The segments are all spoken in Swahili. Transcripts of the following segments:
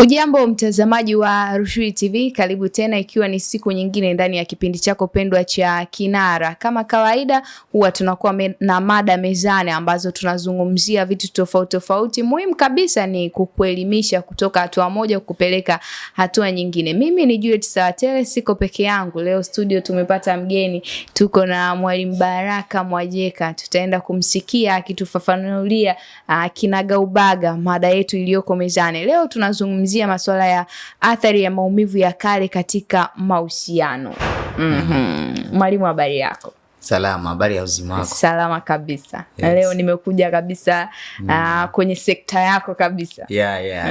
Hujambo mtazamaji wa Rushuri TV, karibu tena, ikiwa ni siku nyingine ndani ya kipindi chako pendwa cha Kinara. Kama kawaida, huwa tunakuwa na mada mezani ambazo tunazungumzia vitu tofauti tofauti. Muhimu kabisa ni kukuelimisha kutoka hatua moja kupeleka hatua nyingine. Mimi ni Juliet Sawatele, siko peke yangu leo studio, tumepata mgeni, tuko na Mwalimu Baraka Mwajeka. Tutaenda kumsikia akitufafanulia ah, kinagaubaga mada yetu iliyoko mezani leo. Tunazungumzia kuzungumzia masuala ya athari ya maumivu ya kale katika mahusiano. Mm-hmm. Mwalimu, habari yako? Salama, habari ya uzima wako? Salama kabisa. Yes. Leo nimekuja kabisa mm. uh, kwenye sekta yako kabisa. Yeah, yeah.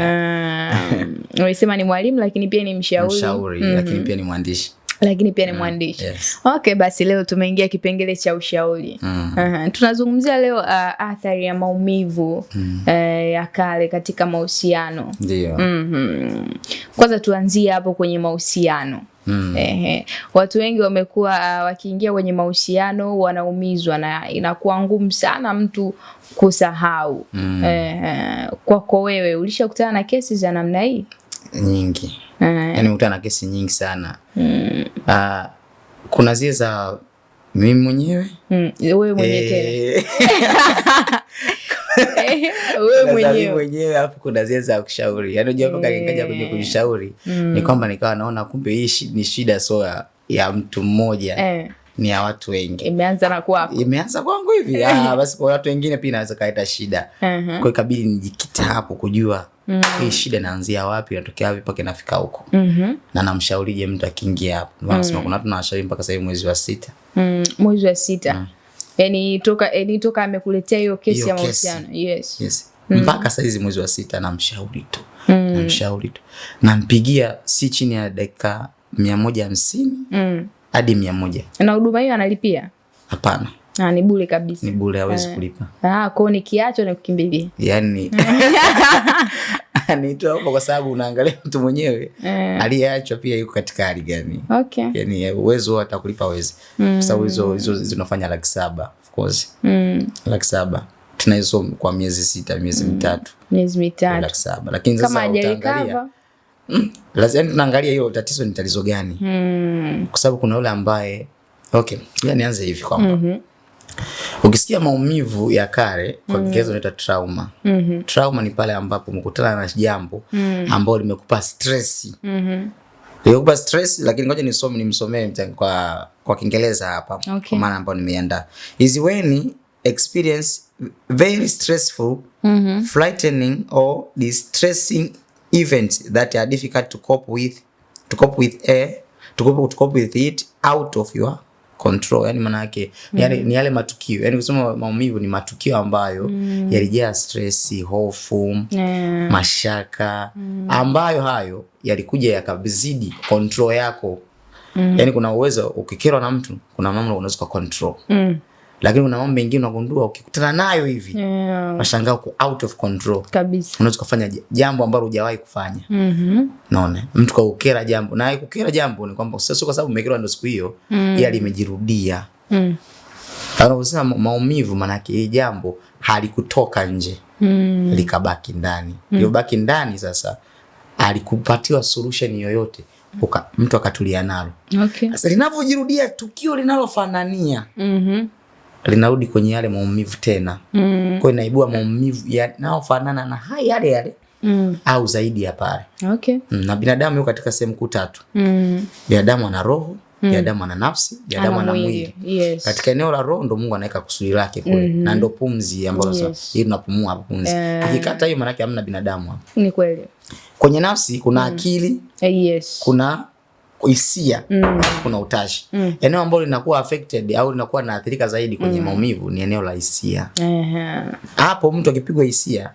Uh, mm. umesema ni mwalimu lakini pia ni mshauri. Mshauri, mm -hmm. lakini pia ni mwandishi. lakini pia ni mm, mwandishi yes. Okay, basi leo tumeingia kipengele cha ushauri mm. uh -huh. Tunazungumzia leo uh, athari ya maumivu mm. uh, ya kale katika mahusiano mm -hmm. Kwanza tuanzie hapo kwenye mahusiano mm. eh, watu wengi wamekuwa uh, wakiingia kwenye mahusiano wanaumizwa na inakuwa ngumu sana mtu kusahau mm. eh, kwako wewe ulishakutana na kesi za namna hii nyingi? mm. Eh. Yani mkutana na kesi nyingi sana mm. Uh, kuna zile za mimi mwenyewe mm. Wewe mwenyewe eh. Eh, wewe mwenyewe mwenyewe, alafu kuna zile za kushauri. Yani unajua kaka nikaja kuja kunishauri mm. ni kwamba nikawa naona kumbe hii ni shida so ya, ya mtu mmoja eh ni ya watu wengi. Imeanza na kwako, imeanza kwangu hivi. Ah, basi kwa watu wengine pia inaweza kaleta shida. uh -huh. Kwa ikabidi nijikita hapo kujua mm -hmm. hii shida inaanzia wapi inatokea wapi mpaka inafika huko mm -hmm. na namshaurije mtu akiingia hapo ndio nasema mm -hmm. kuna watu nawashauri mpaka sasa mwezi wa sita mm, mwezi wa sita mm. yani toka yani toka amekuletea hiyo kesi ya mahusiano yes, yes. Mm -hmm. mpaka saizi mwezi wa sita namshauri tu mm. -hmm. namshauri tu nampigia si chini ya dakika mia moja hamsini mm. hadi mm. mia moja na huduma hiyo analipia hapana Ah, ni bure kabisa. Ni bure hawezi uh, kulipa. Ah, kwao nikiacho na kukimbilia. Yaani. Anaitwa hapo kwa sababu unaangalia mtu mwenyewe uh, aliyeachwa pia yuko katika hali gani. Okay. Yaani eh, uwezo hata atakulipa hawezi. Mm. Kwa sababu hizo hizo zinafanya laki saba of course. Mm. Laki saba tunaizo kwa miezi sita, miezi mm. mitatu. Miezi mitatu. Laki saba. Lakini sasa utaangalia mm. lazima yaani tunaangalia hiyo tatizo ni tatizo gani. Mm. Kwa sababu kuna yule ambaye okay, yani anze hivi kwamba mm -hmm Ukisikia maumivu ya kare kwa mm. Kiingereza unaita trauma. mm -hmm. Trauma ni pale ambapo umekutana na jambo mm -hmm. ambalo limekupa stress mm -hmm. limekupa stress, lakini ngoja nisome nimsomee kwa kwa Kiingereza hapa okay. Kwa maana ambayo nimeandaa is when experience very stressful mm -hmm. frightening or distressing event that are difficult to cope with to cope with a to cope, to cope with it out of your control, yani maana yake mm. yani, ni yale matukio yani kusema maumivu ni matukio ambayo mm. yalijaa stress, hofu yeah. mashaka mm. ambayo hayo yalikuja yakazidi control yako mm. yani kuna uwezo ukikerwa na mtu kuna mambo unaweza control mm lakini kuna mambo mengine unagundua ukikutana nayo hivi unashangaa yeah. uko out of control kabisa, unaweza kufanya jambo ambalo hujawahi kufanya. mm -hmm. Naona mtu kaukera jambo na kukera jambo ni kwamba sio kwa sababu umekerwa ndio siku hiyo mm. Yeye limejirudia mm. kusema maumivu, maana yake hii jambo halikutoka nje mm. likabaki ndani mm. baki ndani sasa alikupatiwa solution yoyote Uka, mtu akatulia nalo okay. Sasa linavyojirudia tukio linalofanania mm -hmm linarudi kwenye yale maumivu tena mm. Kwa inaibua maumivu yanayofanana na hai yale yale mm. au zaidi ya pale okay. Mm, na binadamu yuko katika sehemu kuu tatu mm. Binadamu ana roho mm. binadamu ana nafsi, binadamu ana mwili yes. Katika eneo la roho ndo Mungu anaweka kusudi lake kule mm -hmm. na ndo pumzi ambayo yes. hii tunapumua hapo pumzi eh. Ukikata hiyo maana yake hamna binadamu hapo. Ni kweli. Kwenye nafsi kuna mm. akili eh, yes. kuna hisia mm. kuna utashi mm. eneo ambalo linakuwa affected au linakuwa naathirika zaidi kwenye mm. maumivu ni eneo la hisia hapo. uh -huh. Mtu akipigwa hisia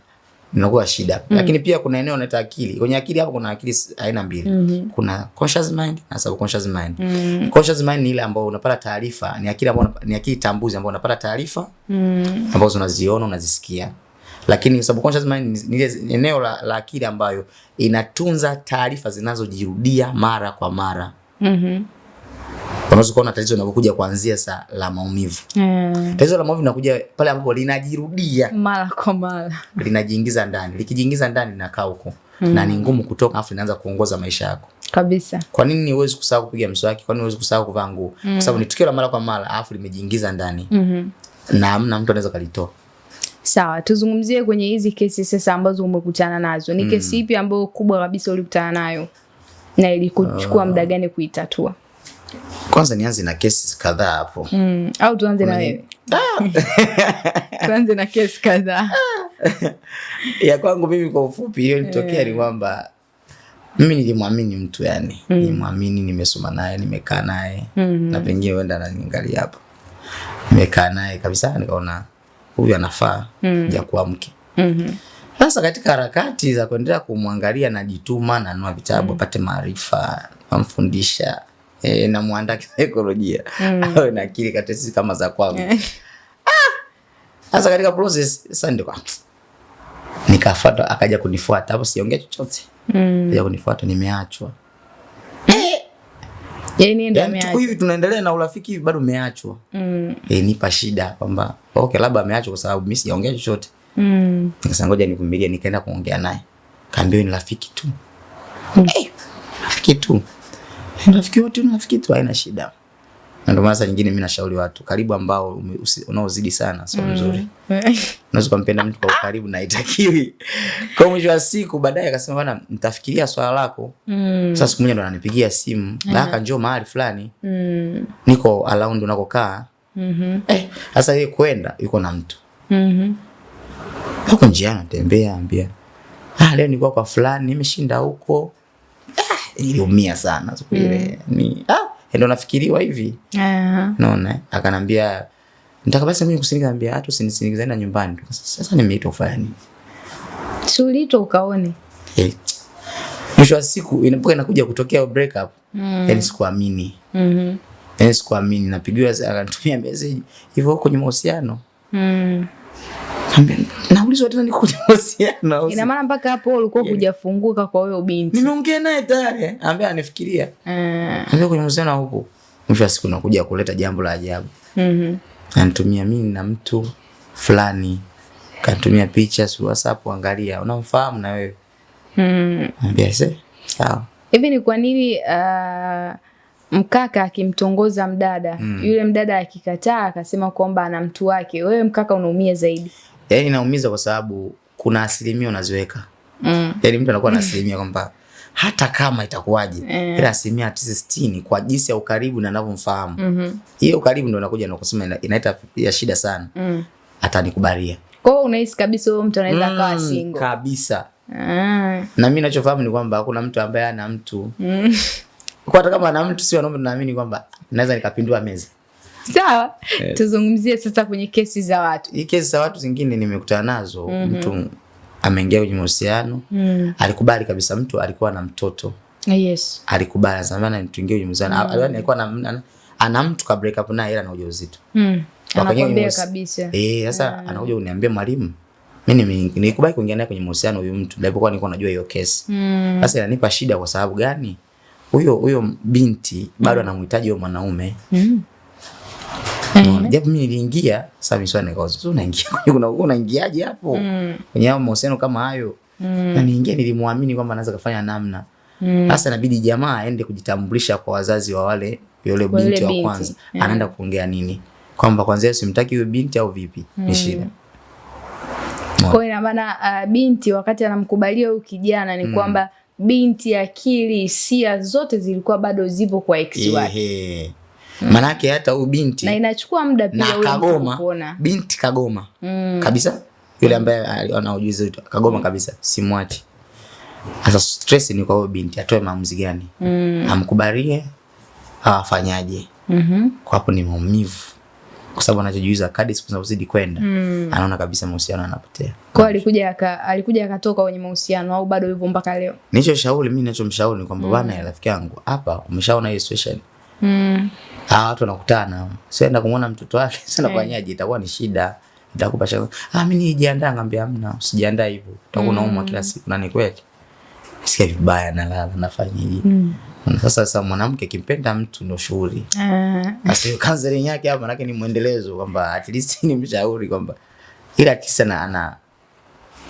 inakuwa shida mm. Lakini pia kuna eneo linaitwa akili. Kwenye akili hapo kuna akili aina mbili mm -hmm. Kuna conscious mind na subconscious mind mm. Conscious mind ni ile ambayo unapata taarifa, ni akili ambayo ni akili tambuzi ambayo unapata taarifa mm. ambazo unaziona unazisikia lakini subconscious mind ni eneo la, la akili ambayo inatunza taarifa zinazojirudia mara kwa mara. Mhm. Mm, kuona tatizo linapokuja kuanzia saa la maumivu. Mm. Tatizo la maumivu linakuja pale ambapo linajirudia mara kwa mara. Linajiingiza ndani. Likijiingiza ndani linakaa huko. Mm. Na ni mm. ngumu kutoka, afu inaanza kuongoza maisha yako. Kabisa. Kwa nini huwezi kusahau kupiga mswaki? Kwa nini huwezi kusahau kuvaa nguo? Mm. Kwa sababu mm. ni tukio la mara kwa mara, afu limejiingiza ndani. Mhm. Mm na hamna mtu anaweza kalitoa. Sawa, tuzungumzie kwenye hizi kesi sasa ambazo umekutana nazo. Ni hmm. kesi ipi ambayo kubwa kabisa ulikutana nayo na ilikuchukua uh, ah. muda gani kuitatua? Kwanza nianze na kesi kadhaa hapo mm. au tuanze na wewe? Ah! tuanze na kesi kadhaa ah! ya kwangu mimi. Kwa ufupi, ile ilitokea eh. ni kwamba mimi nilimwamini mtu yani mm. nilimwamini, nimesoma naye, nimekaa naye mm -hmm. na pengine wenda ananiangalia hapo. nimekaa naye kabisa, nikaona huyu anafaa mm. jakuwa mke mm mm-hmm. sasa katika harakati za kuendelea kumwangalia, najituma, nanua vitabu mm. apate mm. maarifa, namfundisha e, namwandaa kisaikolojia mm. awe na akili katesi kama za kwangu eh. ah! sasa katika process sasa ndio nikafuata, akaja kunifuata hapo, siongea chochote mm. akaja kunifuata, nimeachwa eh, Yaani yaani hivi tunaendelea na urafiki hivi bado umeachwa mm. E, nipa shida kwamba okay, labda ameachwa kwa sababu mimi sijaongea chochote mm. Nikasema ngoja nivumilie, nikaenda kuongea naye, kaambiwa ni rafiki tu mm. Hey, eh, rafiki tu eh, rafiki wote ni rafiki tu, haina shida. Na ndio maana nyingine mimi nashauri watu karibu ambao unaozidi sana sio mm. mzuri unaweza kumpenda mtu kwa ukaribu na haitakiwi. Kwa mwisho wa siku baadaye akasema bana, nitafikiria swala lako. Mm. Sasa siku moja ndo ananipigia simu, "Daka njoo mahali fulani." Mm. Niko around unakokaa. Mhm. Mm eh, sasa yeye kwenda yuko na mtu. Mhm. Huko njiani anatembea ambia, "Ah, leo nilikuwa kwa fulani, nimeshinda huko." Ah, iliumia sana siku ile. Mm. Ni ah, ndio nafikiriwa hivi. Ah. Uh -huh. Naona akanambia Mtakabasi mimi kusindikiza ambia ah, hata usinisindikizane na nyumbani. Sasa nimeitwa kufanya nini? Tuliitwa ukaone. Eh. Mwisho wa siku inapoka inakuja kutokea break up. Mm. Yaani sikuamini. Mhm. Mm yaani sikuamini napigiwa akanitumia message hivyo kwenye mahusiano. Mhm. Naulizwa tena niko kwenye mahusiano. Ina maana mpaka hapo ulikuwa yaani. hujafunguka kwa huyo binti. Nimeongea naye tayari, eh. ambia anifikiria. Eh. Mm. Ambia kwenye mahusiano huko. Mwisho wa siku nakuja kuleta jambo la ajabu. Mhm. Mm Ananitumia mimi na mtu fulani kanitumia picha su WhatsApp, angalia, unamfahamu na wewe mm. se sawa. Hivi ni kwa nini uh, mkaka akimtongoza mdada hmm. yule mdada akikataa akasema kwamba ana mtu wake, wewe mkaka unaumia zaidi? Yaani naumiza kwa sababu kuna asilimia unaziweka yani hmm. yaani mtu anakuwa na asilimia kwamba hata kama itakuwaje yeah. ila asilimia sitini kwa jinsi ya ukaribu na navyomfahamu mm hiyo -hmm. ukaribu ndio nakuja na kusema inaita ya shida sana mm. atanikubalia kwa hiyo unahisi kabisa huyo mtu anaweza mm, kawa single kabisa ah. na mimi ninachofahamu ni kwamba hakuna mtu ambaye ana mtu mm. kwa hata kama ana mtu sio wanaume tunaamini kwamba naweza nikapindua meza sawa yes. Eh. tuzungumzie sasa kwenye kesi za watu hii kesi za watu zingine nimekutana nazo mm -hmm. mtu ameingia kwenye mahusiano mm. Alikubali kabisa, mtu alikuwa na mtoto ah, yes. Alikubali zamani mtu ingie kwenye mahusiano mm. Alikuwa alikuwa na ana ana mtu ka break up naye, ila ana ujauzito mm. Anakwambia kabisa eh, sasa ah. anakuja kuniambia mwalimu, mimi nilikubali kuingia naye kwenye mahusiano huyu mtu, ndipo kwa nilikuwa najua hiyo kesi mm. Sasa inanipa shida kwa sababu gani? Huyo huyo binti bado mm. anamhitaji mm. huyo mwanaume mm. Japo mimi niliingia sasa miswani nikauza. Sasa unaingia kuna unaingiaje hapo? Mm. Kwenye mahusiano kama hayo. Mm. Na niingia nilimwamini kwamba anaweza kufanya namna. Mm. Sasa mm. inabidi jamaa aende kujitambulisha kwa wazazi wa wale yule binti, binti wa kwanza. Yeah. Anaenda kuongea nini? Kwamba kwanza simtaki yule binti au vipi? Mm. Ni shida. Kwa hiyo maana uh, binti wakati anamkubalia huyu kijana ni mm. kwamba binti akili hisia zote zilikuwa bado zipo kwa ex wake mm. Manake hata huyu binti na inachukua muda pia, na kagoma binti kagoma mm. kabisa yule ambaye ana ujuzi kagoma kabisa, simwati. Sasa stress ni kwa huyo binti, atoe maamuzi gani? mm. amkubalie au afanyaje? mm -hmm. Kwa hapo ni maumivu kwa sababu anachojiuliza kadi siku zinazozidi kwenda mm. anaona kabisa mahusiano yanapotea. Kwa alikuja aka, alikuja akatoka kwenye mahusiano au bado yupo mpaka leo? Nicho shauri mimi ninachomshauri ni kwamba bwana, mm. rafiki yangu hapa umeshaona hiyo situation. Mm. Ah, watu wanakutana. Sienda kumuona mtoto wake, sasa nafanyaje? Eh. Itakuwa ni shida. Nitakupa shaka. Ah, mimi nijiandaa, ngambia hamna, usijiandaa hivyo. Utakuwa mm. unaumwa kila siku na ni kweli. Sikia vibaya mm. na lala nafanyaje? Mm. Sasa sasa mwanamke kimpenda mtu ndio shauri. Ah. Eh. Uh. Sasa hiyo counseling yake hapa manake ni mwendelezo kwamba at least ni mshauri kwamba ila kisa na ana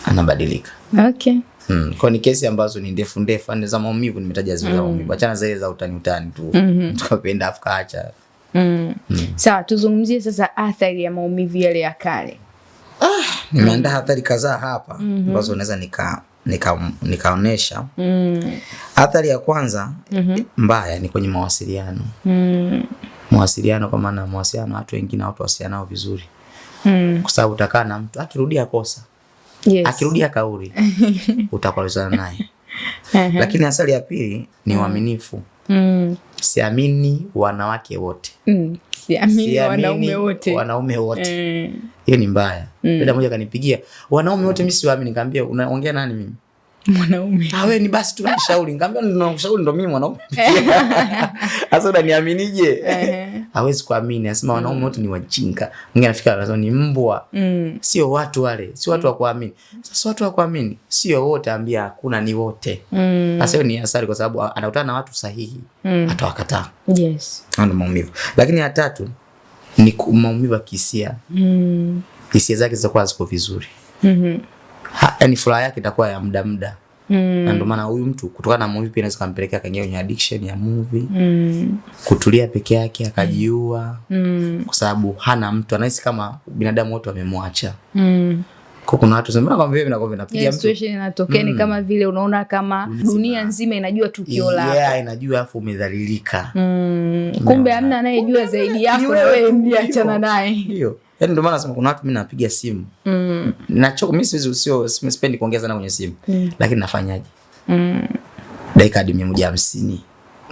anabadilika. Okay. Mm. Kwa ni kesi ambazo ni ndefu ndefu, ni za maumivu, nimetaja zile za hmm. maumivu. Achana zile za utani utani tu. Mhm. Mtu kapenda afu Mm. Sawa, tuzungumzie sasa athari ya maumivu yale ya kale. Ah, nimeandaa athari kadhaa hapa mhm. ambazo unaweza nika nikaonesha mm. Athari ya kwanza mm -hmm. mbaya ni kwenye mawasiliano mm. Mawasiliano kwa maana mawasiliano, watu wengine watu wasilianao vizuri mm. kwa sababu utakaa na mtu akirudia kosa Yes. Akirudia kauli utakalizana naye. Lakini asali ya pili ni mm. uaminifu. Mm. Siamini wanawake wote. Mm. Siamini, siamini wanaume wote. Wanaume wote. Eh. Hiyo mm. ni mbaya. Mm. Dada moja kanipigia, wanaume wote mimi siwaamini, nikamwambia unaongea nani mimi? mwanaume awe ni basi tu nishauri, ngambia nakushauri ndo mimi mwanaume hasa unaniaminije? hawezi kuamini, asema mm. wanaume wote ni wajinga. Mwingine anafika anasema ni mbwa mm. sio watu wale, sio watu wa mm. kuamini. Sasa watu wa kuamini sio wote, ambia hakuna ni wote mm. sasa. Hiyo ni hasara, kwa sababu anakutana na watu sahihi mm. atawakataa. Yes, ndio maumivu. Lakini ya tatu ni maumivu ya kihisia mm. hisia zake zitakuwa ziko vizuri mm -hmm yani furaha yake itakuwa ya muda muda mm. na ndio maana huyu mtu kutokana na movie pia inaweza kampelekea kaingia kwenye addiction ya movie mm. kutulia peke yake akajiua mm. kwa sababu hana mtu, anahisi kama binadamu wote wamemwacha mm. Kwa kuna watu sema kama vile vinakuwa vinapiga mtu. Situation inatokea ni hmm. kama vile unaona kama dunia nzima inajua tukio lako. Yeah, inajua afu umedhalilika. Mm. Kumbe hamna anayejua zaidi yako wewe ndiye achana naye. Ndio. Yaani ndio maana nasema kuna watu mimi napiga simu. Mm. Nachoka mimi siwezi sio spend kuongeza na kwenye simu. Mm. Lakini nafanyaje? Mm. Dakika hadi 150.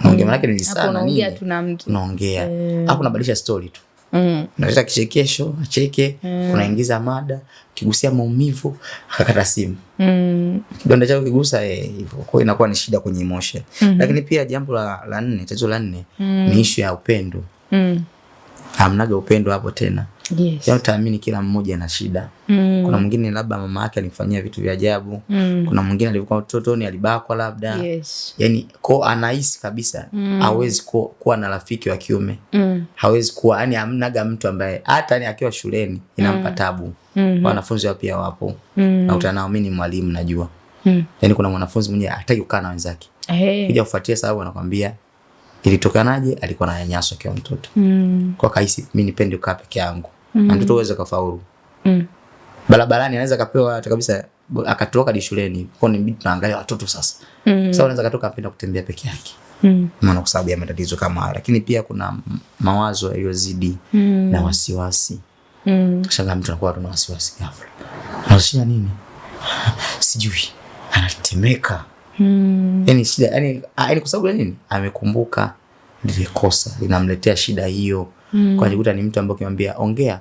Naongea mm. maana ni sana nini? Unaongea tu na mtu. Unaongea. Eh. Hapo unabadilisha story tu. Mm. Unaleta kichekesho, acheke, mm. unaingiza mada, kigusia maumivu, akakata simu. Mm. Kidonda chako kigusa eh, hivyo. Kwa hiyo inakuwa ni shida kwenye emotion. Mm -hmm. Lakini pia jambo la la nne, tatizo la nne mm. ni issue ya upendo. Mm hamnaga upendo hapo tena. Yes. Yaani utaamini kila mmoja ana shida. Mm. Kuna mwingine labda mama yake alimfanyia vitu vya ajabu. Mm. Kuna mwingine alivyokuwa mtoto ni alibakwa labda. Yes. Yaani kwa anahisi kabisa mm. hawezi kuwa, kuwa na rafiki wa kiume. Mm. Hawezi kuwa yani hamnaga mtu ambaye hata ni yaani akiwa shuleni inampa taabu. Mm. Mm-hmm. Wanafunzi wao pia wapo. Mm. Na utanaamini mwalimu najua. Mm. Yaani kuna mwanafunzi mwenyewe hataki kukaa na wenzake. Hey. Kuja kufuatia sababu anakwambia Ilitokanaje? alikuwa na nyanyaso kwa mtoto. Mm. Kwa kaisi mimi nipende ukaa peke yangu. Mm. Na mtoto uweze kafaulu. Mm. Barabarani anaweza kapewa hata kabisa akatoka di shuleni. Kwa ni bidi tunaangalia watoto sasa? Mm. Sasa anaweza katoka apenda kutembea peke yake. Mm. Maana kwa sababu ya matatizo kama haya. Lakini pia kuna mawazo yaliyozidi mm. na wasiwasi. Mm. Shangaa mtu anakuwa na wasiwasi ghafla. Anashia nini? Sijui. Anatemeka. Mm. Yani shida yani, ah, yani kwa sababu ya nini? Amekumbuka lile kosa linamletea shida hiyo. Mm. Kwa nikuta ni mtu ambaye ukimwambia ongea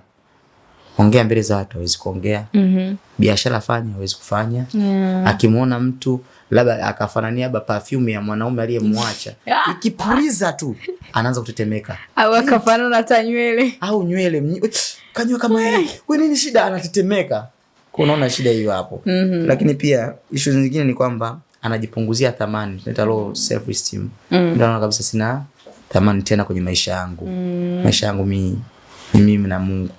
ongea mbele za watu hawezi kuongea. mm -hmm. Biashara fanya hawezi kufanya. yeah. Akimwona mtu labda akafanania labda perfume ya mwanaume aliyemwacha ikipuliza tu anaanza kutetemeka, au akafanana hata nywele au nywele kanywa kama yeye, wewe nini shida, anatetemeka. Unaona shida hiyo hapo. mm -hmm. Lakini pia ishu nyingine ni kwamba anajipunguzia thamani, tunaita low self esteem. Mm. Ndio kabisa sina thamani tena kwenye maisha yangu. Mm. Maisha yangu mimi ni mimi na Mungu.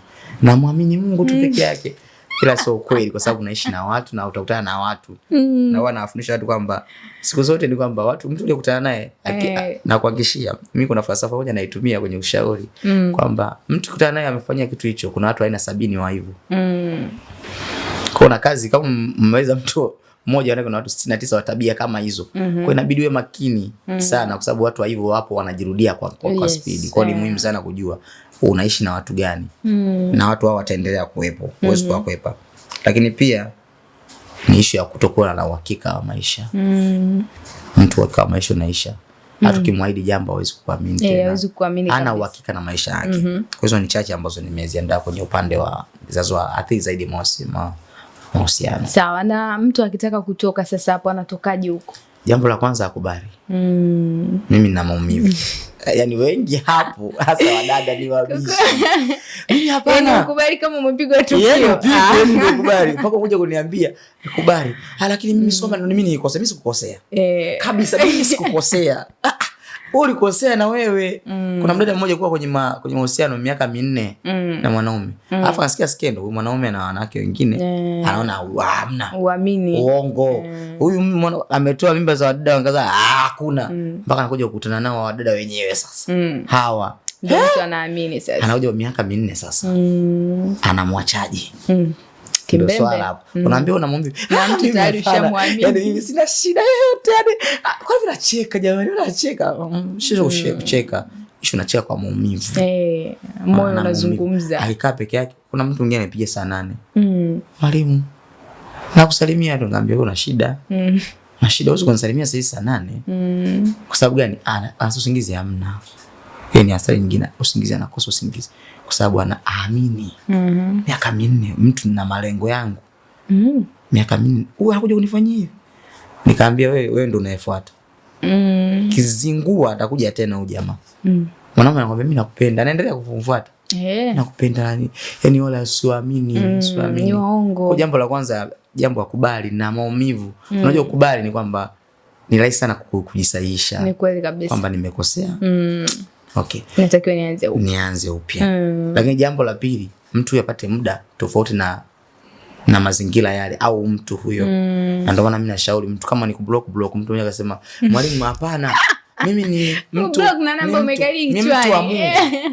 Namwamini Mungu tu peke mm. yake. Ila sio kweli kwa sababu naishi na watu na utakutana na watu. Mm. Na huwa nawafundisha watu kwamba siku zote ni kwamba watu mtu uliyokutana naye hey. Eh. Na kuhakikishia mimi kuna falsafa moja naitumia kwenye ushauri mm. kwamba mtu kutana naye amefanya kitu hicho, kuna watu aina sabini wa hivyo. Mm. Kwa na kazi kama mmeweza mtu mmoja na watu 69 wa tabia kama hizo. Mm -hmm. Kwa inabidi uwe makini mm -hmm. sana kwa sababu watu wa hivyo wapo wanajirudia kwa, kwa, yes, kwa spidi. Kwa ni muhimu sana kujua unaishi na watu gani. Mm -hmm. Na watu hao wataendelea kuwepo, huwezi mhm. kuwakwepa. Lakini pia ni ishu ya kutokuwa na uhakika wa maisha. Mm -hmm. Mtu wa kama maisha unaisha hata mm. ukimwahidi jambo hawezi kukuamini eh, tena, hawezi kuamini ana uhakika na maisha yake. Mm -hmm. Kwa hizo ni chache ambazo nimeziandaa kwenye upande wa zazo athiri zaidi mawasiliano mahusiano. Sawa. Na mtu akitaka kutoka sasa hapo anatokaje huko? Jambo la kwanza akubali. Mm. Mimi na maumivu mm. yaani wengi hapo hasa wadada ni wabishi. Mimi hapana. Nikubali yaani kama umepigwa tukio. Yeye yaani mpigwe mimi yaani nikubali. Mpaka kuja kuniambia nikubali. Ah, lakini mimi soma mimi nikosa mimi sikukosea. Eh. Kabisa mimi sikukosea ulikosea na wewe. Mm. Kuna mdada mmoja kuwa kwenye kwenye mahusiano miaka minne mm. na mwanaume. Mm. Alafu anasikia skendo huyu mwanaume na wanawake wengine. yeah. Anaona ah, hamna. Uamini. Uongo. Huyu mwana ametoa mimba za wadada wangaza ah, hakuna. Mm. Mpaka anakuja kukutana nao wadada wenyewe sasa. Mm. Hawa. Ndio anaamini sasa. Anakuja miaka minne sasa. Mm. Anamwachaje? Mm. Kimbembe. Ndio swala hapo. Mm. Unaambia unamwambia. Na mtu ah, tayari ushamwamini. Yaani mimi sina shida yoyote. Yaani, ah, kwa nini nacheka jamani? Mm, sio mm. kucheka. Ishu nacheka kwa maumivu. Eh, moyo unazungumza. Alikaa peke yake. Kuna mtu mwingine saa nane. Mm. Mwalimu. Nakusalimia tu una shida. Mm. Na shida saa Mm. Kwa sababu gani? Ah, usingizi hamna. Hiyo ni hasara nyingine, usingizi anakosa usingizi kwa sababu anaamini mm. miaka minne mtu na malengo yangu mm. miaka minne huyu hakuja kunifanyia hivi. Nikaambia wewe, wewe ndio unayefuata mm. kizingua atakuja tena huyu jamaa mm. mwanamume anakwambia mimi nakupenda, anaendelea kumfuata yeah. Nakupenda nani yani, wala siamini mm, siamini kwa jambo la kwanza, jambo la kubali na maumivu mm. Unajua kubali ni kwamba ni rahisi sana kujisahihisha, ni kweli kabisa kwamba nimekosea mm. Okay. Natakiwa nianze upya. Nianze upya. Mm. Lakini jambo la pili, mtu yapate muda tofauti na na mazingira yale au mtu huyo. Mm. Na ndio maana mimi nashauri mtu kama ni kublock block, mtu mmoja akasema, mm. "Mwalimu hapana, mimi ni mtu wa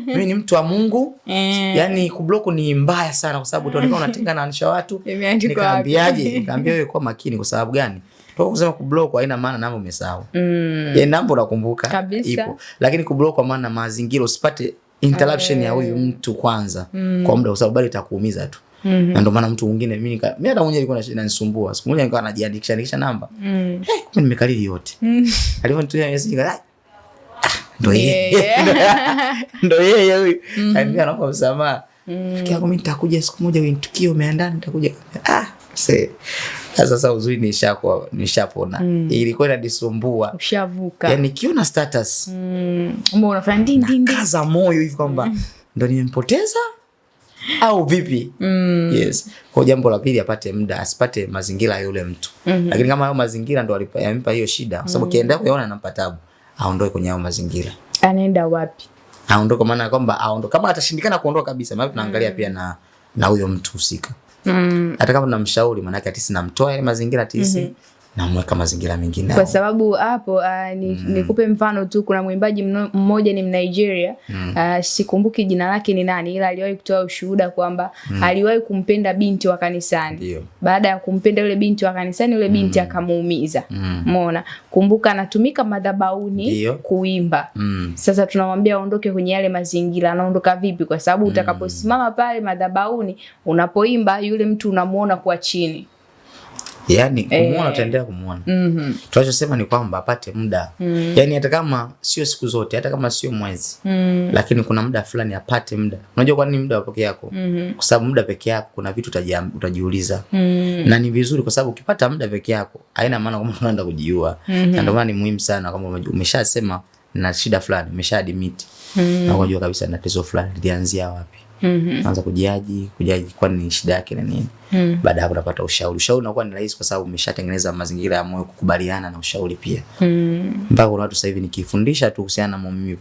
mimi ni mtu wa Mungu." Eh. Yaani kublock ni mbaya sana kwa sababu utaonekana unatenga na anisha watu. Nikaambiaje? Nikaambia wewe kwa makini kwa sababu gani? Kwa kusema kublock aina maana namba umesahau. Mm. yani namba unakumbuka. Ipo. Lakini kublo kwa maana mazingira usipate interruption ya huyu eh. mtu kwanza mm. kwa muda, kwa sababu bali itakuumiza tu. Mm -hmm. Na ndio maana mtu mwingine mimi nika mimi hata mwenyewe alikuwa ananisumbua. Siku moja nikawa najiandikisha nikisha namba. Mm. Eh, kumbe nimekalili yote. Mm. Alivyonitumia message nika ah, ndo yeye. Ndo yeye huyu. Mm-hmm. Anambia anaomba msamaha. Mm. Fikia kwa mimi nitakuja siku moja, wewe nitukio umeandaa nitakuja. Ah, see. Sasa uzuri nishakwa nishapona. Mm. Ilikuwa inanisumbua. Ushavuka. Yaani nikiona status. Mm. Mbona unafanya ndindi ndindi? Kaza moyo hivi kwamba mm. ndo nimempoteza au vipi? Mm. Yes. Kwa jambo la pili apate muda, asipate mazingira ya yule mtu. Mm -hmm. Lakini kama hayo mazingira ndo yampa hiyo shida, kwa sababu mm. kienda kuona anampa tabu, aondoe kwenye hayo mazingira. Anaenda wapi? Aondoke, maana kwamba aondoke. Kama atashindikana kuondoka kabisa, maana tunaangalia mm. pia na na huyo mtu husika mm. hata kama mshauri maanake atisi namtoa yale mazingira tisi mm -hmm namweka mazingira mengine, kwa sababu hapo uh, nikupe ni mfano tu. Kuna mwimbaji mmoja ni Mnigeria mm. uh, sikumbuki jina lake ni nani, ila aliwahi kutoa ushuhuda kwamba mm. aliwahi kumpenda binti wa kanisani. Baada ya kumpenda yule binti wa kanisani, yule binti mm. akamuumiza. mm. kumbuka anatumika madhabauni kuimba. mm. Sasa tunamwambia aondoke kwenye yale mazingira. Anaondoka vipi? Kwa sababu mm. utakaposimama pale madhabauni unapoimba, yule mtu unamuona kwa chini yani eh. kumuona e, utaendelea kumuona mm -hmm. Tunachosema ni kwamba apate muda mm -hmm. Yani hata kama sio siku zote, hata kama sio mwezi mm -hmm. Lakini kuna muda fulani apate muda. Unajua kwa nini muda wa peke yako? mm -hmm. Kwa sababu muda peke yako kuna vitu utajiuliza mm -hmm. Na ni vizuri, kwa sababu ukipata muda peke yako haina maana kama unaenda kujiua mm -hmm. Na ndio maana ni muhimu sana kama umeshasema na shida fulani umesha admit mm -hmm. Na unajua kabisa na tatizo fulani lianzia wapi mm -hmm. Naanza kujiaji kwa kwani shida yake na nini mm -hmm. Baada hapo unapata ushauri. Ushauri unakuwa ni rahisi kwa sababu umeshatengeneza mazingira ya moyo kukubaliana na ushauri pia mm -hmm. Mpaka kuna watu sasa hivi nikifundisha tu kuhusiana na maumivu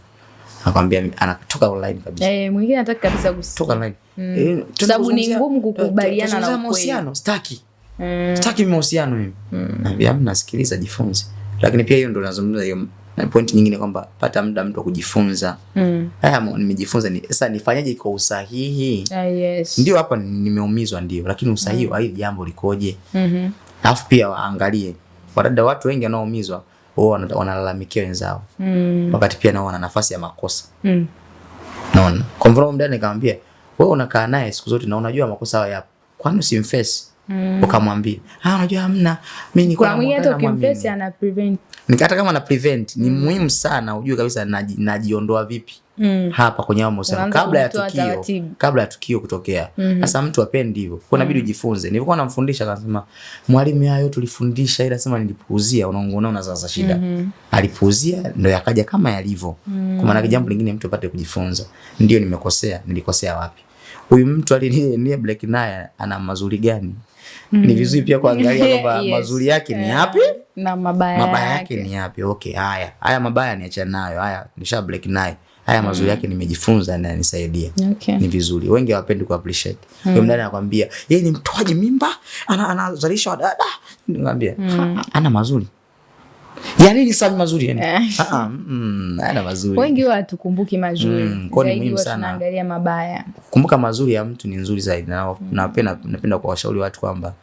anakwambia anatoka online kabisa. Eh, mwingine anataka kabisa Toka online mm. E, sababu ni ngumu eh, kukubaliana na mahusiano, sitaki mm. Sitaki mahusiano mimi mm. Naambia mnasikiliza, jifunze, lakini pia hiyo ndio nazungumza hiyo na point nyingine kwamba pata muda mtu wa kujifunza. Mm. nimejifunza ni sasa nifanyaje kwa usahihi? Ah, yes. Ndio hapa nimeumizwa ndio, lakini usahihi mm. wa mm. hili jambo likoje? Mhm. Mm Alafu pia waangalie. Wadada watu wengi wanaoumizwa wao wanalalamikia wenzao. Mm. Wakati pia nao wana nafasi ya makosa. Mm. Naona. Kwa mfano mdada nikamwambia, wewe unakaa naye siku zote na unajua makosa yao yapo. Kwani usimface? mm. ukamwambia ah, unajua hamna, mimi niko na mwingine. Hata ukimplace ana prevent, nikata kama ana prevent ni mm. muhimu sana ujue kabisa najiondoa naji vipi mm. hapa kwenye hao mahusiano kabla ya tukio, kabla ya tukio kutokea. Mhm. Sasa mm -hmm. mtu apendi hivyo, kwa inabidi mm. ujifunze. Nilikuwa namfundisha akasema, mwalimu, hayo tulifundisha, ila sema nilipuuzia. Unaona, unazaza shida mm -hmm. alipuuzia, ndio yakaja kama yalivyo mm. kwa maana jambo lingine mtu apate kujifunza, ndio nimekosea, nilikosea wapi huyu mtu alinie black naye ana mazuri gani? mm. ni vizuri pia kuangalia kwamba yes. mazuri yake ni yapi na mabaya, mabaya yake ni yapi. Okay, haya haya mabaya niachana nayo, haya nisha break nayo haya mazuri mm. yake nimejifunza na yanisaidia. Okay. Ni vizuri. Wengi hawapendi ku appreciate. Mm. Yule mdada anakuambia, "Yeye ni mtoaji mimba, anazalisha ana, wadada." Ninamwambia, mm. "Ana mazuri." Yani ni sana mazuri yani. Eh. Ah, ah, mm, ana mazuri. Wengi wao tukumbuki mazuri. Mm, kwa ni muhimu sana. Tunaangalia mabaya. Kumbuka mazuri ya mtu ni nzuri zaidi na mm. Napenda napenda kuwashauri watu kwamba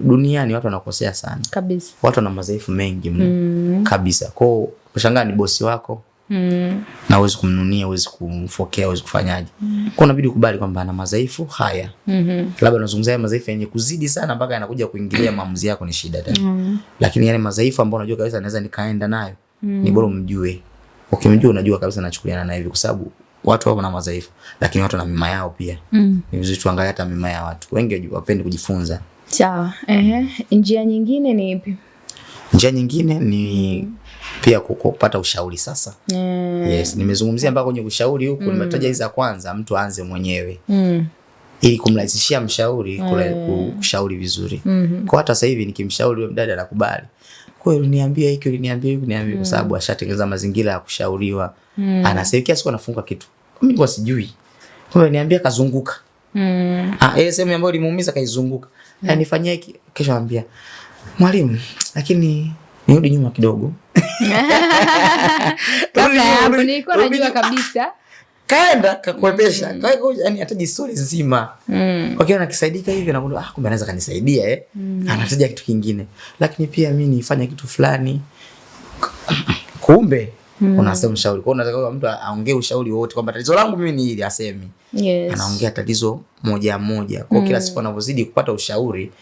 duniani watu wanakosea sana. Kabisa. Watu wana madhaifu mengi mno. Mm. Kabisa. Kwa kushangaa ushangaa ni bosi wako, mm. na uwezi kumnunia, uwezi kumfokea, uwezi kufanyaje mm. kwa unabidi ukubali kwamba ana madhaifu haya mm -hmm. labda unazungumzia madhaifu yenye kuzidi sana mpaka anakuja kuingilia mm. maamuzi yako, ni shida tena mm. lakini yale madhaifu ambayo unajua kabisa naweza nikaenda nayo mm. ni bora umjue. Ukimjua unajua kabisa nachukuliana na hivi, kwa sababu watu wao na madhaifu, lakini watu na mima yao pia mm. ni vizuri tuangalia hata mima ya watu wengi, wapendi kujifunza. Sawa, ehe, njia nyingine ni ipi? Njia nyingine ni pia kupata ushauri sasa. Mm. Yes, nimezungumzia mpaka kwenye ushauri huku mm. Nimetaja hizi za kwanza, mtu aanze mwenyewe mm. ili kumrahisishia mshauri mm. kushauri vizuri mm -hmm. Kwa hata sasa hivi nikimshauri yule mdada anakubali, kwa hiyo niambia hiki, uliniambia hiki, niambia kwa mm. sababu ashatengeneza mazingira ya kushauriwa mm. Anasaikia siku anafunga kitu, mimi kwa sijui, kwa hiyo niambia kazunguka mm. Ah, ile sehemu ambayo ilimuumiza kaizunguka mm. Nifanyie kesho, anambia Mwalimu, lakini nirudi nyuma kidogo. Nilikuwa najua kabisa kaenda kakuepesha mm. Yani ataji jistori nzima mm. wakiwa nakisaidika hivyo na nagundua, ah, kumbe anaweza kanisaidia eh. mm. anataja kitu kingine, lakini pia mi nifanya kitu fulani kumbe mm. unasema kwa unataka kwa mtu aongee ushauri wowote kwamba tatizo langu mimi ni hili, asemi yes. anaongea tatizo moja moja kwa mm. kila siku anavyozidi kupata ushauri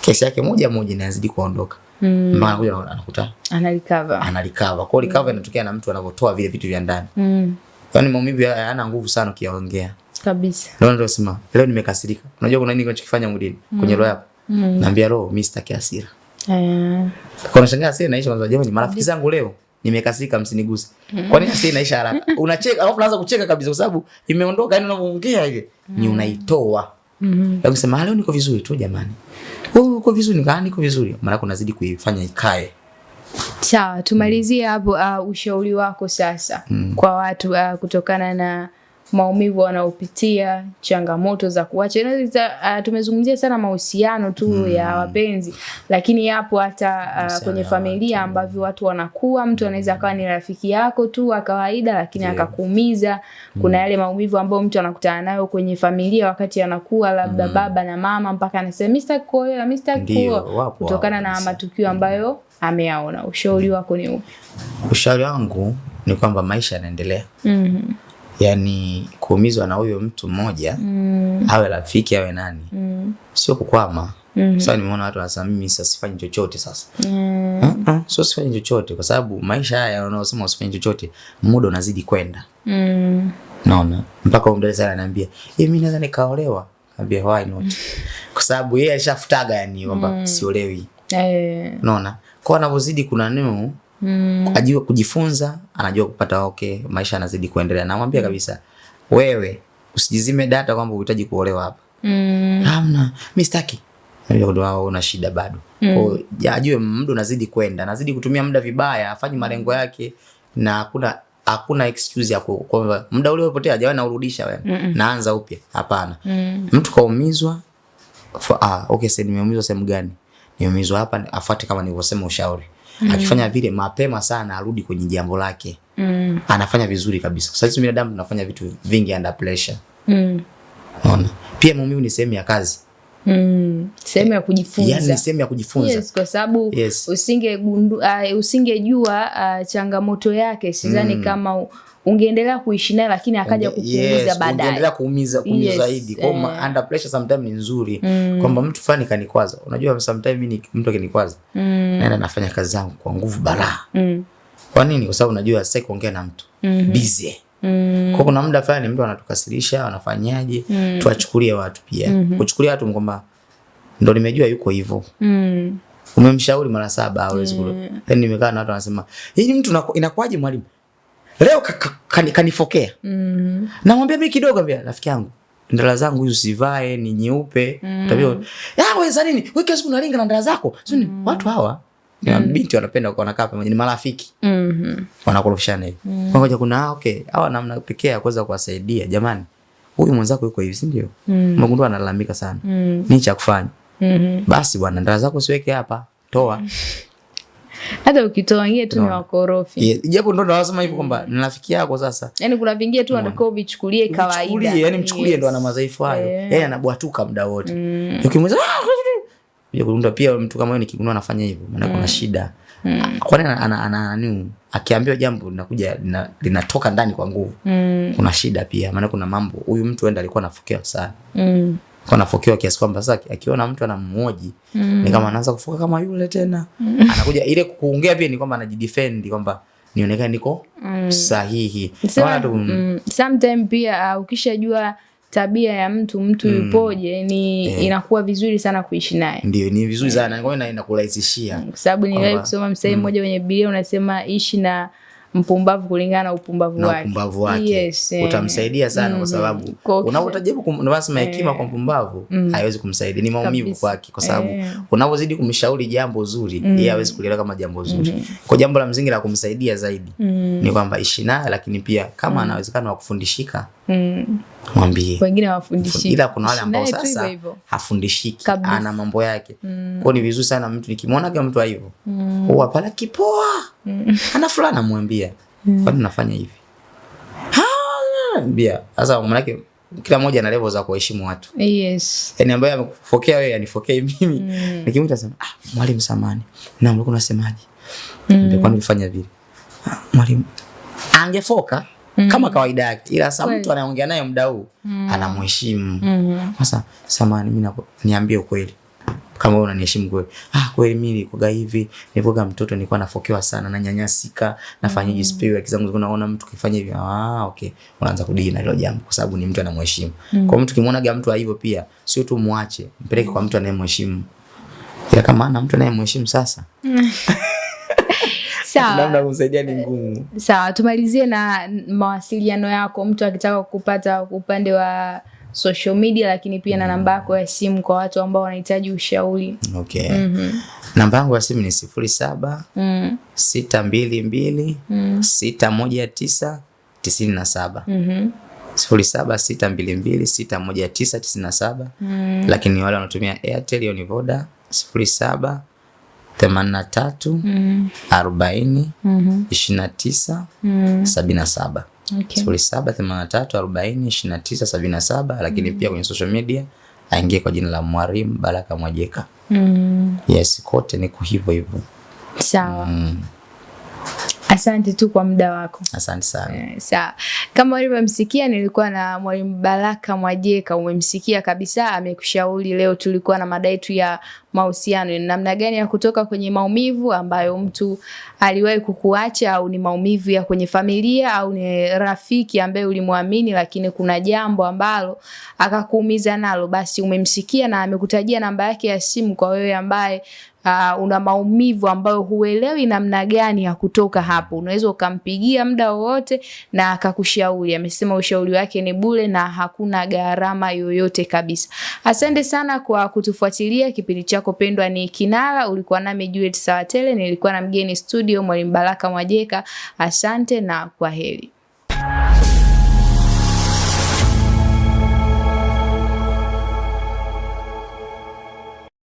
kesho yake moja moja inazidi kuondoka mm. mpaka anakuja anakuta ana recover ana recover. Kwa hiyo hmm. recover inatokea na mtu anavyotoa vile vitu vya ndani mm. yani maumivu hayana nguvu sana kiaongea kabisa. leo ndio sema leo nimekasirika. Unajua kuna nini kinachokifanya mwilini mm. kwenye roho yako mm. naambia roho mimi sitaki hasira eh. Kwa nashangaa sasa naisha kwanza, jamani, marafiki zangu leo nimekasirika, msiniguse. Hmm. Kwa nini sasa inaisha haraka? Unacheka alafu unaanza kucheka kabisa, kwa sababu imeondoka. Yani unavyoongea ile ni hmm. unaitoa mm. -hmm. Lakini sema ah, leo niko vizuri tu jamani wewe uko vizuri, nikawa niko vizuri, maana unazidi kuifanya ikae. Sawa, tumalizie hapo. Uh, ushauri wako sasa mm. kwa watu uh, kutokana na maumivu wanaopitia, changamoto za kuacha. Yaani, ah, tumezungumzia sana mahusiano tu mm. ya wapenzi, lakini yapo hata uh, kwenye familia ambavyo watu wanakuwa, mtu anaweza akawa ni rafiki yako tu wa kawaida, lakini yeah. akakuumiza. Kuna hmm. yale maumivu ambayo mtu anakutana nayo kwenye familia wakati anakuwa labda mm. baba na mama, mpaka anasema mimi sitakuoa, mimi sitakuoa, kutokana na matukio ambayo hmm. ameyaona. Ushauri wako ni upi? Ushauri wangu ni kwamba maisha yanaendelea. mm -hmm yani kuumizwa na huyo mtu mmoja mm. awe rafiki awe nani mm. sio kukwama. Mm -hmm. Sasa nimeona watu wanasema mimi sasa sifanyi chochote sasa. Mm. Uh -uh. Sio sifanyi chochote kwa sababu maisha haya unaosema usifanyi chochote, muda unazidi kwenda. Mm. Naona mpaka umdada sana ananiambia, ye eh, mimi naweza nikaolewa." Niambia, "Why not?" kwa sababu yeye alishafutaga yani kwamba mm. siolewi. Eh. Naona. Kwa anavyozidi kuna neno mm. ajua kujifunza, anajua kupata okay, maisha anazidi kuendelea. Namwambia kabisa, wewe usijizime data kwamba uhitaji kuolewa hapa. Mm. Hamna, mimi sitaki una shida bado. Mm. Kwa hiyo ajue muda unazidi kwenda, anazidi kutumia muda vibaya, afanye malengo yake na hakuna hakuna excuse ya kwamba muda ule ulipotea hajawahi naurudisha wewe. Mm -mm. Naanza upya. Hapana. Mm. Mtu kaumizwa ah, okay, sasa nimeumizwa sehemu gani? Nimeumizwa hapa, afuate kama nilivyosema ushauri mm. akifanya vile mapema sana arudi kwenye jambo lake mm. anafanya vizuri kabisa. kwa sababu binadamu tunafanya vitu vingi under pressure mm. Ona. pia maumivu ni sehemu ya kazi Mm, sehemu ya kujifunza. Yaani sehemu ya kujifunza. Yes, kwa sababu yes. Usingegundua uh, usingejua uh, changamoto yake sidhani mm. kama ungeendelea kuishi naye, lakini akaja kukuumiza baadaye, ungeendelea kuumiza kuumiza zaidi. Kwa hiyo eh. under pressure sometimes ni nzuri, mm. kwamba mtu fulani kanikwaza. Unajua sometimes mimi mtu akinikwaza, mm. naenda nafanya kazi zangu kwa nguvu balaa. Mm. Kwa nini? Kwa sababu unajua sasa kuongea na mtu mm-hmm. busy Mm. Kwa kuna muda fulani mtu anatukasirisha, anafanyaje? Mm. tuachukulie watu pia. Mm -hmm. Kuchukulia watu kwamba ndo nimejua yuko hivyo. Mm. Umemshauri mara saba hawezi mm. kula. then nimekaa na watu wanasema, "Hii mtu inakuwaje mwalimu?" Leo kanifokea mm namwambia mi kidogo, ambia rafiki yangu ndala zangu hizo sivae ni nyeupe mm. -hmm. nini na ndala zako mm. watu hawa mm. binti wanapenda pamoja ni marafiki mm -hmm. wanakorofishana hivi mm. kwa kuna okay hawa namna pekee ya kuweza kuwasaidia jamani, huyu mwenzako yuko hivi, mm. analalamika sana mm. nini cha kufanya? mm -hmm. Basi bwana, zako siweke hapa, toa mm hata ukitoangia tu no. ni wakorofi yeah. Japo ndo nawasema hivyo kwamba mm. rafiki yako sasa, yani kuna vingie tu anatakiwa uvichukulie kawaida, yani mchukulie ndo ana madhaifu hayo, yeye eh. yeah. Yaani anabwatuka muda wote mm. ukimweza ah, kuunda pia mtu kama yeye nikigunua anafanya hivyo, maana kuna mm. shida mm. kwani ana, ana, ana, ana akiambiwa jambo linakuja linatoka ndani kwa nguvu mm. kuna shida pia, maana kuna mambo huyu mtu enda alikuwa anafukia sana mm anafokewa kiasi kwamba sasa akiona mtu anamhoji mm. ni kama anaanza kufoka kama yule tena mm. anakuja ile kuongea pia ni kwamba anajidefend kwamba nionekane niko mm. sahihi. Watu mm, mm. sometimes pia uh, ukishajua tabia ya mtu mtu mm. yupoje ni yeah. inakuwa vizuri sana kuishi naye, ndio ni vizuri eh. sana yeah. inakurahisishia mm, kwa sababu niliwahi kusoma msemo mmoja mm. kwenye Biblia unasema ishi na mpumbavu kulingana na upumbavu wake, upumbavu wake yes, eh. utamsaidia sana mm, kwa mm-hmm. sababu unapotajaribu unasema hekima eh. kwa mpumbavu mm, haiwezi kumsaidia, ni maumivu kwake, kwa sababu eh, unapozidi kumshauri jambo zuri mm, yeye hawezi kulielewa kama jambo zuri mm. Kwa jambo la msingi la kumsaidia zaidi mm, ni kwamba ishi naye, lakini pia kama mm, anawezekana wakufundishika mm. Mwambie wengine hawafundishiki, ila kuna wale ambao sasa hafundishiki kabisa, ana mambo yake mm. Kwao ni vizuri sana mtu nikimwona kama mtu hivyo mm. huwa pala kipoa mm. ana fulani namwambia mm. kwani nafanya hivi bia sasa, manake kila mmoja ana level za kuheshimu watu yes. Yaani ambaye amekufokea wewe anifokee mimi mm. Nikimwita sema ah, mwalimu samani, na mlikuwa unasemaje? mm. Kwani ulifanya vile? Ah, mwalimu angefoka mm. kama kawaida yake, ila sasa mtu anaongea naye muda huu mm. anamheshimu mm-hmm. sasa mm -hmm. Samahani, mimi niambie ukweli kama wewe unaniheshimu kweli. Ah, kweli mimi nilikuwa hivi, nilikuwa mtoto nilikuwa nafokewa sana na nyanyasika, nafanyaje mm. spirit ya kizangu naona mtu kifanya hivi. Ah, okay. Unaanza kudili na hilo jambo kwa sababu ni mtu anamheshimu. Mm. Kwa mtu kimuona gani mtu hivyo pia, sio tu muache, mpeleke kwa mtu anayemheshimu. Ya kama ana mtu anayemheshimu sasa. Mm. namna kumsaidia ni ngumu. Sawa, tumalizie na mawasiliano yako, mtu akitaka kupata upande wa social media, lakini pia mm. na namba yako ya simu kwa watu ambao wanahitaji ushauri. Okay. mm -hmm. Namba yangu ya simu ni sifuri saba mm. sita mbili mbili mm. sita moja tisa tisini na saba mm -hmm. sifuri saba sita mbili mbili sita moja tisa tisini na saba mm. Lakini wale wanatumia Airtel au Voda sifuri saba themanini na tatu mm-hmm. arobaini mm-hmm. ishirini na tisa mm-hmm. sabini na saba sifuri saba themanini na tatu arobaini ishirini na tisa sabini na saba lakini mm pia kwenye social media aingie kwa jina la Mwalimu Baraka Mwajeka. mm Yes, kote niko hivyo hivyo. Sawa. mm. Asante tu kwa muda wako. Asante sana. E, sawa. Kama ulivyomsikia nilikuwa na Mwalimu Baraka Mwajeka, umemsikia kabisa, amekushauri. Leo tulikuwa na mada yetu ya mahusiano, ni namna gani ya kutoka kwenye maumivu ambayo mtu aliwahi kukuacha, au ni maumivu ya kwenye familia, au ni rafiki ambaye ulimwamini, lakini kuna jambo ambalo akakuumiza nalo, basi umemsikia na amekutajia namba yake ya simu kwa wewe ambaye Uh, una maumivu ambayo huelewi namna gani ya kutoka hapo, unaweza ukampigia muda wowote na akakushauri. Amesema ushauri wake ni bure na hakuna gharama yoyote kabisa. Asante sana kwa kutufuatilia kipindi cha chako pendwa ni Kinara. Ulikuwa nami Juliet Sawatele, nilikuwa na mgeni studio Mwalimu Baraka Mwajeka. Asante na kwaheri.